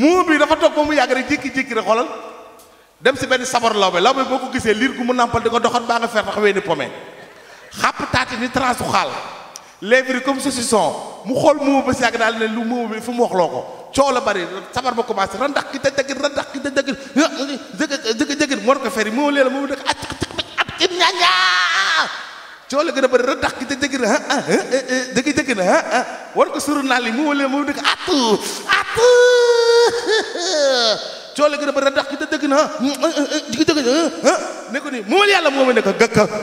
muur bii dafa toog ba mu yàgg rek jékki-jékki rek xoolal dem si benn sabar lawbe lawbe boo ko gisee liir gu mu nàmpal di ko doxat baa nga fer tax weeni pome xàpp taati ni transu xaal lèvres yi comme saucisson mu xool muur ba si yàgg daal ne lu muur bi fu mu loo ko coow la bari sabar ba commencé randax ki te dëggit randax ki te dëggit jëgë jëgë moo ko fer yi moo lee la moom dëkk acc la gën a bari randax ki te na war ko suru naa li moo lee moom dëkk attu coole gën a ba a dax ki da dëgg na mm, mm, mm, digi dëgg na ne ko ni moomal yàlla moo ma nekk gàkka